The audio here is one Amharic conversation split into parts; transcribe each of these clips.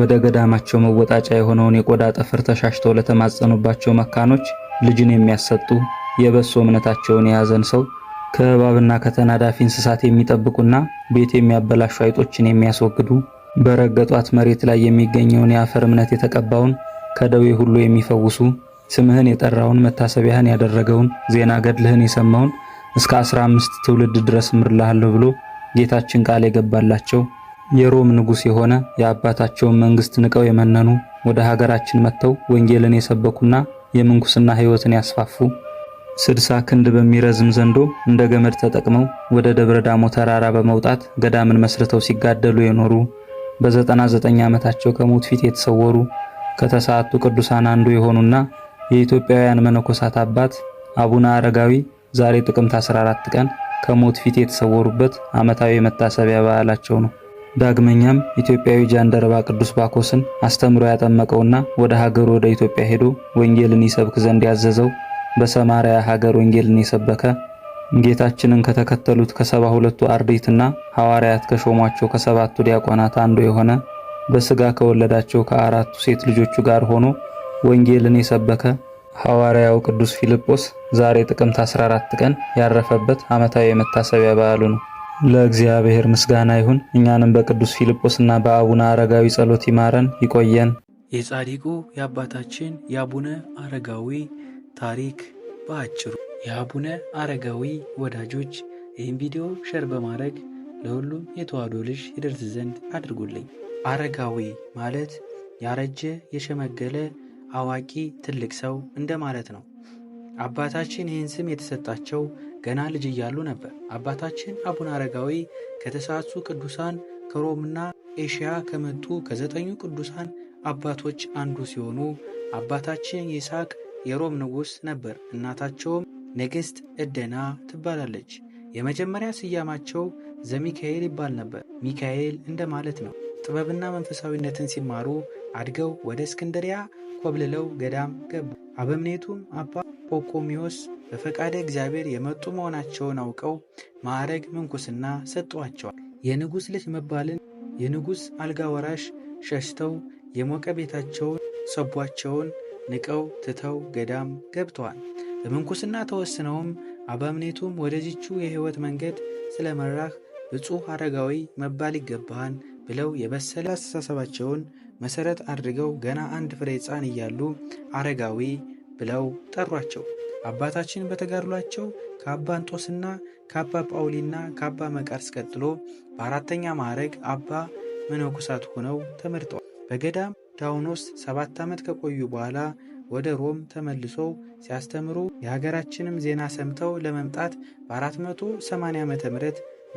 ወደ ገዳማቸው መወጣጫ የሆነውን የቆዳ ጠፍር ተሻሽተው ለተማጸኑባቸው መካኖች ልጅን የሚያሰጡ የበሶ እምነታቸውን የያዘን ሰው ከእባብና ከተናዳፊ እንስሳት የሚጠብቁና ቤት የሚያበላሹ አይጦችን የሚያስወግዱ በረገጧት መሬት ላይ የሚገኘውን የአፈር እምነት የተቀባውን ከደዌ ሁሉ የሚፈውሱ ስምህን የጠራውን መታሰቢያህን ያደረገውን ዜና ገድልህን የሰማውን እስከ አስራ አምስት ትውልድ ድረስ ምርልሃለሁ ብሎ ጌታችን ቃል የገባላቸው የሮም ንጉሥ የሆነ የአባታቸውን መንግሥት ንቀው የመነኑ ወደ ሀገራችን መጥተው ወንጌልን የሰበኩና የምንኩስና ሕይወትን ያስፋፉ ስድሳ ክንድ በሚረዝም ዘንዶ እንደ ገመድ ተጠቅመው ወደ ደብረ ዳሞ ተራራ በመውጣት ገዳምን መስርተው ሲጋደሉ የኖሩ በዘጠና ዘጠኝ ዓመታቸው ከሞት ፊት የተሰወሩ ከተሳቱ ቅዱሳን አንዱ የሆኑና የኢትዮጵያውያን መነኮሳት አባት አቡነ አረጋዊ ዛሬ ጥቅምት 14 ቀን ከሞት ፊት የተሰወሩበት ዓመታዊ የመታሰቢያ በዓላቸው ነው። ዳግመኛም ኢትዮጵያዊ ጃንደረባ ቅዱስ ባኮስን አስተምሮ ያጠመቀውና ወደ ሀገሩ ወደ ኢትዮጵያ ሄዶ ወንጌልን ይሰብክ ዘንድ ያዘዘው በሰማርያ ሀገር ወንጌልን የሰበከ ጌታችንን ከተከተሉት ከሰባ ሁለቱ አርድእትና ሐዋርያት ከሾሟቸው ከሰባቱ ዲያቆናት አንዱ የሆነ በስጋ ከወለዳቸው ከአራቱ ሴት ልጆቹ ጋር ሆኖ ወንጌልን የሰበከ ሐዋርያው ቅዱስ ፊልጶስ ዛሬ ጥቅምት 14 ቀን ያረፈበት ዓመታዊ የመታሰቢያ በዓሉ ነው። ለእግዚአብሔር ምስጋና ይሁን። እኛንም በቅዱስ ፊልጶስና በአቡነ አረጋዊ ጸሎት ይማረን ይቆየን። የጻድቁ የአባታችን የአቡነ አረጋዊ ታሪክ በአጭሩ። የአቡነ አረጋዊ ወዳጆች ይህን ቪዲዮ ሸር በማድረግ ለሁሉም የተዋህዶ ልጅ ይደርስ ዘንድ አድርጉልኝ። አረጋዊ ማለት ያረጀ የሸመገለ አዋቂ ትልቅ ሰው እንደማለት ነው። አባታችን ይህን ስም የተሰጣቸው ገና ልጅ እያሉ ነበር። አባታችን አቡነ አረጋዊ ከተሳሱ ቅዱሳን ከሮምና ኤሽያ ከመጡ ከዘጠኙ ቅዱሳን አባቶች አንዱ ሲሆኑ አባታችን ይስሐቅ የሮም ንጉሥ ነበር። እናታቸውም ንግሥት ዕደና ትባላለች። የመጀመሪያ ስያማቸው ዘሚካኤል ይባል ነበር። ሚካኤል እንደማለት ነው። ጥበብና መንፈሳዊነትን ሲማሩ አድገው ወደ እስክንድሪያ ኮብልለው ገዳም ገቡ። አበምኔቱም አባ ጶቆሚዎስ በፈቃደ እግዚአብሔር የመጡ መሆናቸውን አውቀው ማዕረግ ምንኩስና ሰጥቷቸዋል። የንጉሥ ልጅ መባልን የንጉሥ አልጋ ወራሽ ሸሽተው የሞቀ ቤታቸውን ሰቧቸውን ንቀው ትተው ገዳም ገብተዋል። በምንኩስና ተወስነውም አበምኔቱም ወደዚቹ የሕይወት መንገድ ስለመራህ ብፁሕ አረጋዊ መባል ይገባሃል ብለው የበሰለ አስተሳሰባቸውን መሠረት አድርገው ገና አንድ ፍሬ ሕፃን እያሉ አረጋዊ ብለው ጠሯቸው። አባታችን በተጋድሏቸው ከአባ እንጦስና ከአባ ጳውሊና ከአባ መቃርስ ቀጥሎ በአራተኛ ማዕረግ አባ መነኮሳት ሆነው ተመርጠዋል። በገዳም ዳውኖስ ሰባት ዓመት ከቆዩ በኋላ ወደ ሮም ተመልሶ ሲያስተምሩ የሀገራችንም ዜና ሰምተው ለመምጣት በ480 ዓ ም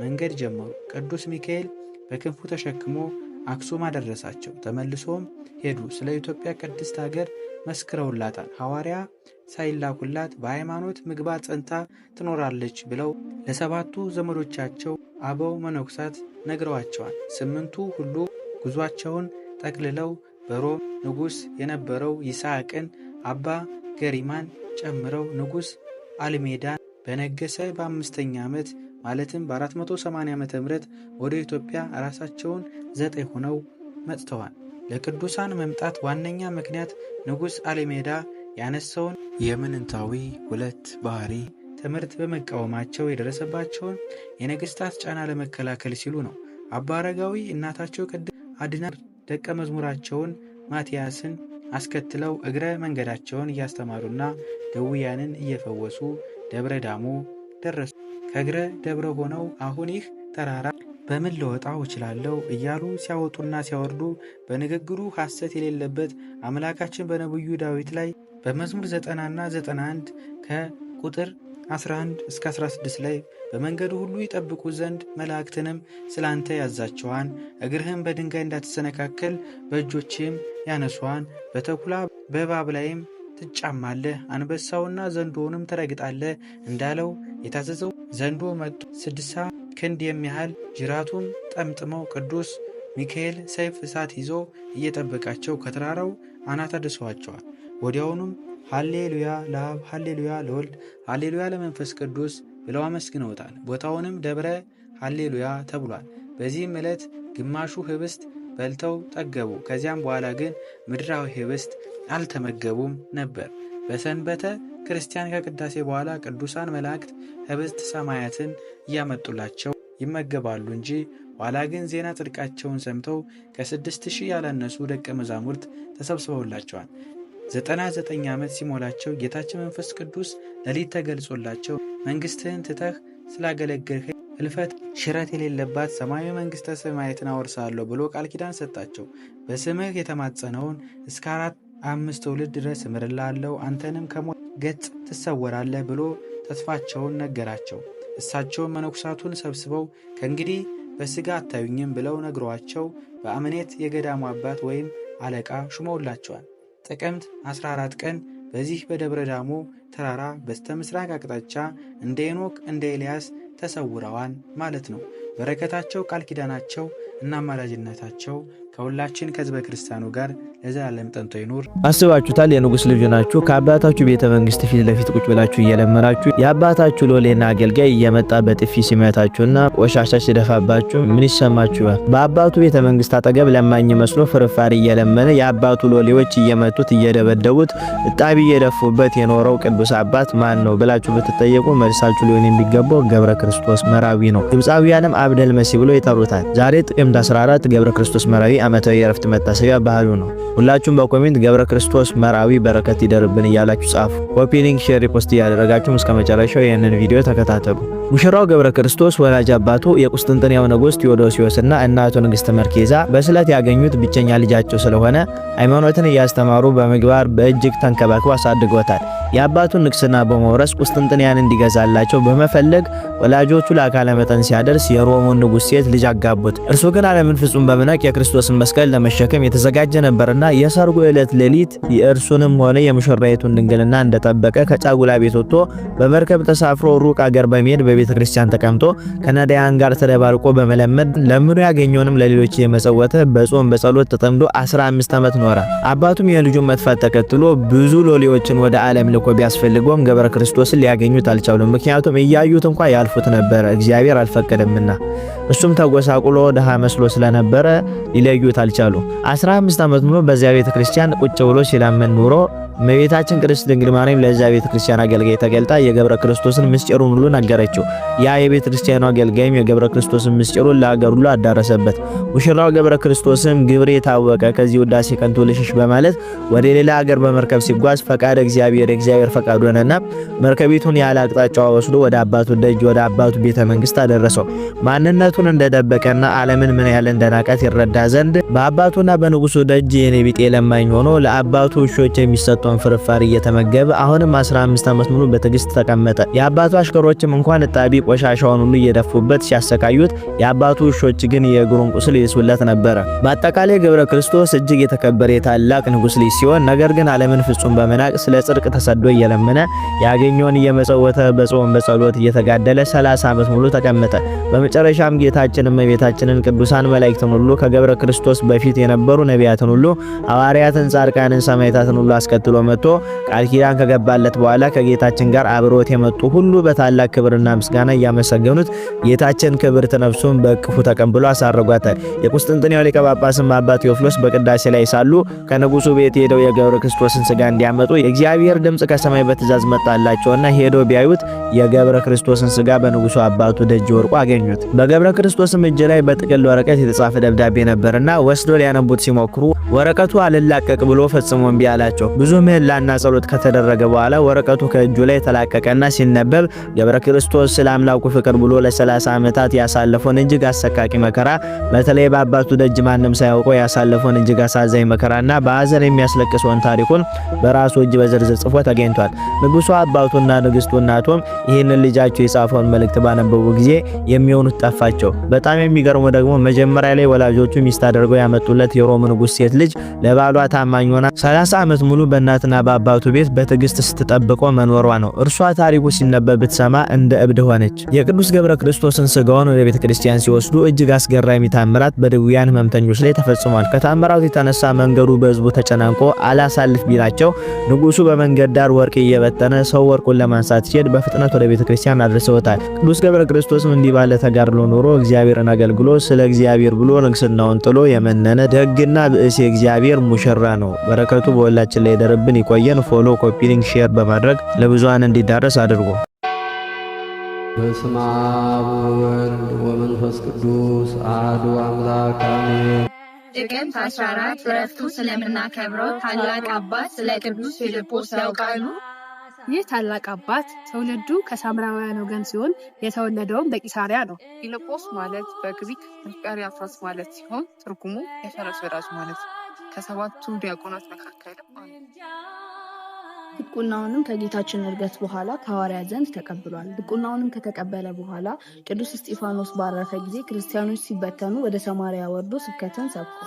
መንገድ ጀመሩ። ቅዱስ ሚካኤል በክንፉ ተሸክሞ አክሱም አደረሳቸው። ተመልሶም ሄዱ። ስለ ኢትዮጵያ ቅድስት ሀገር መስክረውላታል። ሐዋርያ ሳይላኩላት በሃይማኖት ምግባ ጸንታ ትኖራለች ብለው ለሰባቱ ዘመዶቻቸው አበው መነኮሳት ነግረዋቸዋል። ስምንቱ ሁሉ ጉዟቸውን ጠቅልለው በሮም ንጉሥ የነበረው ይስሐቅን አባ ገሪማን ጨምረው ንጉሥ አልሜዳን በነገሰ በአምስተኛ ዓመት ማለትም በ480 ዓ ም ወደ ኢትዮጵያ ራሳቸውን ዘጠኝ ሆነው መጥተዋል። ለቅዱሳን መምጣት ዋነኛ ምክንያት ንጉሥ አሌሜዳ ያነሳውን የምንንታዊ ሁለት ባህሪ ትምህርት በመቃወማቸው የደረሰባቸውን የነገሥታት ጫና ለመከላከል ሲሉ ነው። አባ አረጋዊ እናታቸው ቅድስት አድና ደቀ መዝሙራቸውን ማቲያስን አስከትለው እግረ መንገዳቸውን እያስተማሩና ደውያንን እየፈወሱ ደብረ ዳሞ ደረሱ። ከእግረ ደብረ ሆነው አሁን ይህ ተራራ በምን ልወጣው እችላለሁ እያሉ ሲያወጡና ሲያወርዱ በንግግሩ ሐሰት የሌለበት አምላካችን በነብዩ ዳዊት ላይ በመዝሙር 90 እና 91 ከቁጥር 11 እስከ 16 ላይ በመንገዱ ሁሉ ይጠብቁ ዘንድ መላእክትንም ስላንተ ያዛቸዋን፣ እግርህም በድንጋይ እንዳትሰነካከል በእጆችም ያነሷን፣ በተኩላ በባብ ላይም ትጫማለህ፣ አንበሳውና ዘንዶውንም ትረግጣለህ እንዳለው የታዘዘው ዘንዶ መጡ ስድሳ ክንድ የሚያህል ጅራቱን ጠምጥመው ቅዱስ ሚካኤል ሰይፍ እሳት ይዞ እየጠበቃቸው ከተራራው አናት አድሰዋቸዋል። ወዲያውኑም ሃሌሉያ ለአብ ሃሌሉያ ለወልድ ሃሌሉያ ለመንፈስ ቅዱስ ብለው አመስግነውታል። ቦታውንም ደብረ ሃሌሉያ ተብሏል። በዚህም ዕለት ግማሹ ህብስት በልተው ጠገቡ። ከዚያም በኋላ ግን ምድራዊ ህብስት አልተመገቡም ነበር። በሰንበተ ክርስቲያን ከቅዳሴ በኋላ ቅዱሳን መላእክት ህብስት ሰማያትን እያመጡላቸው ይመገባሉ እንጂ ኋላ ግን ዜና ጽድቃቸውን ሰምተው ከስድስት ሺህ ያላነሱ ደቀ መዛሙርት ተሰብስበውላቸዋል። ዘጠና ዘጠኝ ዓመት ሲሞላቸው ጌታችን መንፈስ ቅዱስ ለሊት ተገልጾላቸው መንግሥትህን ትተህ ስላገለገልህ እልፈት ሽረት የሌለባት ሰማያዊ መንግሥተ ሰማያትን አወርሳለሁ ብሎ ቃል ኪዳን ሰጣቸው። በስምህ የተማጸነውን እስከ አራት አምስት ትውልድ ድረስ እምርልሃለሁ አንተንም ከሞ ገጽ ትሰወራለህ ብሎ ተስፋቸውን ነገራቸው። እሳቸውን መነኩሳቱን ሰብስበው ከእንግዲህ በሥጋ አታዩኝም ብለው ነግሯቸው በአምኔት የገዳሙ አባት ወይም አለቃ ሹመውላቸዋል። ጥቅምት 14 ቀን በዚህ በደብረ ዳሞ ተራራ በስተ ምስራቅ አቅጣጫ እንደ ኤኖክ እንደ ኤልያስ ተሰውረዋል ማለት ነው። በረከታቸው፣ ቃል ኪዳናቸው እና አማላጅነታቸው ከሁላችን ከህዝበ ክርስቲያኑ ጋር ለዘላለም ጠንቶ ይኑር። አስባችሁታል? የንጉሥ ልጅ ናችሁ። ከአባታችሁ ቤተ መንግስት ፊት ለፊት ቁጭ ብላችሁ እየለመናችሁ የአባታችሁ ሎሌና አገልጋይ እየመጣ በጥፊ ሲመታችሁና ቆሻሻ ሲደፋባችሁ ምን ይሰማችኋል? በአባቱ ቤተ መንግስት አጠገብ ለማኝ መስሎ ፍርፋሪ እየለመነ የአባቱ ሎሌዎች እየመቱት እየደበደቡት እጣቢ እየደፉበት የኖረው ቅዱስ አባት ማን ነው ብላችሁ ብትጠየቁ መልሳችሁ ሊሆን የሚገባው ገብረ ክርስቶስ መራዊ ነው። ግብፃዊያንም አብደል መሲ ብሎ ይጠሩታል። ዛሬ ጥቅምት 14 ገብረ ክርስቶስ መራዊ ዓመታዊ የእረፍት መታሰቢያ ባህሉ ነው። ሁላችሁም በኮሜንት ገብረ ክርስቶስ መርዓዊ በረከት ይደርብን እያላችሁ ጻፉ። ኮፒ ሊንክ፣ ሼር፣ ሪፖስት እያደረጋችሁም እስከ መጨረሻው ይህንን ቪዲዮ ተከታተሉ። ሙሽራው ገብረ ክርስቶስ ወላጅ አባቱ የቁስጥንጥንያው ንጉሥ ቴዎዶሲዮስና እናቱ ንግሥት መርኬዛ በስለት ያገኙት ብቸኛ ልጃቸው ስለሆነ ሃይማኖትን እያስተማሩ በምግባር በእጅግ ተንከባክቦ አሳድጎታል። የአባቱን ንግስና በመውረስ ቁስጥንጥንያን እንዲገዛላቸው በመፈለግ ወላጆቹ ለአካለ መጠን ሲያደርስ የሮሙን ንጉሥ ሴት ልጅ አጋቡት። እርሱ ግን ዓለምን ፍጹም በመናቅ የክርስቶስን መስቀል ለመሸከም የተዘጋጀ ነበርና የሰርጉ ዕለት ሌሊት የእርሱንም ሆነ የሙሽራይቱን ድንግልና እንደጠበቀ ከጫጉላ ቤት ወጥቶ በመርከብ ተሳፍሮ ሩቅ አገር በመሄድ በቤተ ክርስቲያን ተቀምጦ ከነዳያን ጋር ተደባርቆ በመለመድ ለምኖ ያገኘውንም ለሌሎች የመጸወተ በጾም በጸሎት ተጠምዶ 15 ዓመት ኖረ። አባቱም የልጁን መጥፋት ተከትሎ ብዙ ሎሌዎችን ወደ ዓለም ልኮ ቢያስፈልገውም ገብረ ክርስቶስን ሊያገኙት አልቻሉም። ምክንያቱም እያዩት እንኳ ያልፉት ነበር፣ እግዚአብሔር አልፈቀደምና እሱም ተጎሳቁሎ ድሃ መስሎ ስለነበረ ሊለዩት አልቻሉ። 15 ዓመት ሙሉ በዚያ ቤተ ክርስቲያን ቁጭ ብሎ ሲላመን ኑሮ እመቤታችን ቅድስት ድንግል ማርያም ለዚያ ቤተ ክርስቲያን አገልጋይ ተገልጣ የገብረ ክርስቶስን ምስጢሩን ሁሉ ነገረችው። ያ የቤተ ክርስቲያኑ አገልጋይም የገብረ ክርስቶስን ምስጢሩን ለአገር ሁሉ አዳረሰበት። ሙሽራው ገብረ ክርስቶስም ግብሬ ታወቀ፣ ከዚህ ውዳሴ ከንቱ ልሽሽ በማለት ወደ ሌላ አገር በመርከብ ሲጓዝ ፈቃድ እግዚአብሔር እግዚአብሔር ፈቃድ ሆነና መርከቢቱን ያለ አቅጣጫዋ ወስዶ ወደ አባቱ ደጅ ወደ አባቱ ቤተ መንግስት አደረሰው። ማንነቱ አባቱን እንደደበቀና ዓለምን ምን ያህል እንደናቀት ይረዳ ዘንድ በአባቱና በንጉሱ ደጅ የኔ ቢጤ ለማኝ ሆኖ ለአባቱ ውሾች የሚሰጠውን ፍርፋሪ እየተመገበ አሁንም 15 ዓመት ሙሉ በትዕግስት ተቀመጠ። የአባቱ አሽከሮችም እንኳን እጣቢ ቆሻሻውን ሁሉ እየደፉበት ሲያሰቃዩት፣ የአባቱ ውሾች ግን የእግሩን ቁስል ይስውለት ነበረ። በአጠቃላይ ገብረ ክርስቶስ እጅግ የተከበረ የታላቅ ንጉስ ልጅ ሲሆን ነገር ግን ዓለምን ፍጹም በመናቅ ስለ ጽድቅ ተሰዶ እየለመነ ያገኘውን እየመጸወተ በጾም በጸሎት እየተጋደለ 30 ዓመት ሙሉ ተቀመጠ። በመጨረሻም ጌታችንም እመቤታችንን ቅዱሳን መላእክትን ሁሉ ከገብረ ክርስቶስ በፊት የነበሩ ነቢያትን ሁሉ ሐዋርያትን፣ ጻድቃንን፣ ሰማዕታትን ሁሉ አስከትሎ መጥቶ ቃል ኪዳን ከገባለት በኋላ ከጌታችን ጋር አብሮት የመጡ ሁሉ በታላቅ ክብርና ምስጋና እያመሰገኑት ጌታችን ክብርት ነፍሱን በቅፉ ተቀብሎ አሳረጓታል። የቁስጥንጥንያው ሊቀ ጳጳስም አባ ቴዎፍሎስ በቅዳሴ ላይ ሳሉ ከንጉሱ ቤት ሄደው የገብረ ክርስቶስን ስጋ እንዲያመጡ የእግዚአብሔር ድምጽ ከሰማይ በትእዛዝ መጣላቸውና ሄደው ቢያዩት የገብረ ክርስቶስን ስጋ በንጉሱ አባቱ ደጅ ወርቆ አገኙት። በገብረ በክርስቶስም እጅ ላይ በጥቅል ወረቀት የተጻፈ ደብዳቤ ነበርና ወስዶ ሊያነቡት ሲሞክሩ ወረቀቱ አልላቀቅ ብሎ ፈጽሞ እምቢ አላቸው። ብዙ ምህላና ጸሎት ከተደረገ በኋላ ወረቀቱ ከእጁ ላይ ተላቀቀና ሲነበብ ገብረ ክርስቶስ ስለ አምላኩ ፍቅር ብሎ ለ30 ዓመታት ያሳለፈውን እጅግ አሰቃቂ መከራ በተለይ በአባቱ ደጅ ማንም ሳያውቀው ያሳለፈውን እጅግ አሳዛኝ መከራና በሀዘን የሚያስለቅሰውን ታሪኩን በራሱ እጅ በዝርዝር ጽፎ ተገኝቷል። ንጉሱ አባቱና ንግስቱ እናቱም ይህንን ልጃቸው የጻፈውን መልእክት ባነበቡ ጊዜ የሚሆኑት ጠፋቸው። ናቸው። በጣም የሚገርሙ ደግሞ መጀመሪያ ላይ ወላጆቹ ሚስት አድርገው ያመጡለት የሮም ንጉስ ሴት ልጅ ለባሏ ታማኝ ሆና 30 ዓመት ሙሉ በእናትና በአባቱ ቤት በትዕግስት ስትጠብቆ መኖሯ ነው። እርሷ ታሪኩ ሲነበብ ብትሰማ እንደ እብድ ሆነች። የቅዱስ ገብረ ክርስቶስን ስጋውን ወደ ቤተ ክርስቲያን ሲወስዱ እጅግ አስገራሚ ታምራት በድውያን ህመምተኞች ላይ ተፈጽሟል። ከታምራቱ የተነሳ መንገዱ በህዝቡ ተጨናንቆ አላሳልፍ ቢላቸው ንጉሱ በመንገድ ዳር ወርቅ እየበተነ ሰው ወርቁን ለማንሳት ሲሄድ በፍጥነት ወደ ቤተ ክርስቲያን አድርሰውታል። ቅዱስ ገብረ ክርስቶስም እንዲህ ባለ ተጋድሎ ኖሮ። እግዚአብሔርን አገልግሎ ስለ እግዚአብሔር ብሎ ንግስናውን ጥሎ የመነነ ደግና ብእሴ እግዚአብሔር ሙሽራ ነው። በረከቱ በሁላችን ላይ ይደርብን፣ ይቆየን። ፎሎ፣ ኮፒ፣ ሼር በማድረግ ለብዙሃን እንዲዳረስ አድርጎ በስመ አብ ወወልድ ወመንፈስ ቅዱስ አሐዱ አምላክ አሜን። ጥቅምት 14 እረፍቱ ስለምናከብረው ታላቅ አባት ስለ ቅዱስ ፊልጶስ ያውቃሉ? ይህ ታላቅ አባት ትውልዱ ከሳምራውያን ወገን ሲሆን የተወለደውም በቂሳሪያ ነው። ፊልጶስ ማለት በግሪክ ሕልጵርያፎስ ማለት ሲሆን ትርጉሙ የፈረስ ወዳጅ ማለት ነው። ከሰባቱ ዲያቆናት መካከል ድቁናውንም ከጌታችን እርገት በኋላ ከሐዋርያ ዘንድ ተቀብሏል። ድቁናውንም ከተቀበለ በኋላ ቅዱስ እስጢፋኖስ ባረፈ ጊዜ ክርስቲያኖች ሲበተኑ ወደ ሰማሪያ ወርዶ ስብከትን ሰብኩ።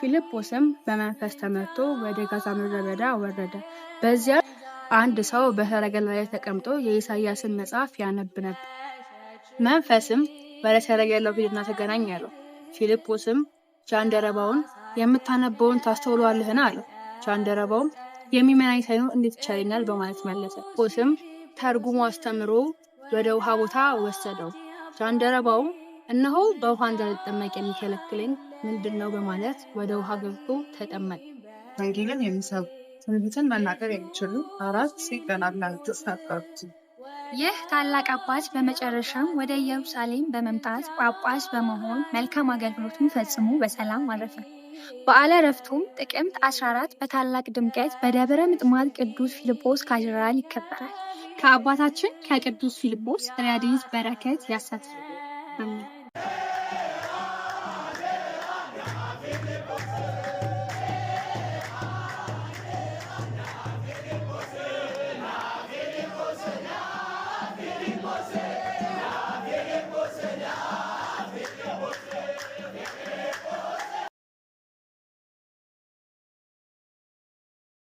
ፊልጶስም በመንፈስ ተመርቶ ወደ ጋዛ ምድረ በዳ ወረደ። በዚያ አንድ ሰው በሰረገላ ላይ ተቀምጦ የኢሳይያስን መጽሐፍ ያነብ ነበር። መንፈስም ባለሰረገላው ሂድና ተገናኝ አለው። ፊልጶስም ጃንደረባውን የምታነበውን ታስተውሏለህን? አለው። ጃንደረባውም የሚመናኝ ሳይኖር እንዴት ይቻለኛል? በማለት መለሰ። ጶስም ተርጉሞ አስተምሮ ወደ ውሃ ቦታ ወሰደው። ጃንደረባው እነሆ በውሃ እንዳልጠመቅ የሚከለክለኝ ምንድን ነው? በማለት ወደ ውሃ ገብቶ ተጠመቀ። ወንጌልን የሚሰብኩ ትንቢትን መናገር የሚችሉ አራት ሴት ገናናት ይህ ታላቅ አባት በመጨረሻም ወደ ኢየሩሳሌም በመምጣት ጳጳስ በመሆን መልካም አገልግሎቱን ፈጽሞ በሰላም አረፈ። በዓለ ረፍቱም ጥቅምት 14 በታላቅ ድምቀት በደብረ ምጥማት ቅዱስ ፊልጶስ ካቴድራል ይከበራል። ከአባታችን ከቅዱስ ፊልጶስ ረድኤት በረከት አሜን።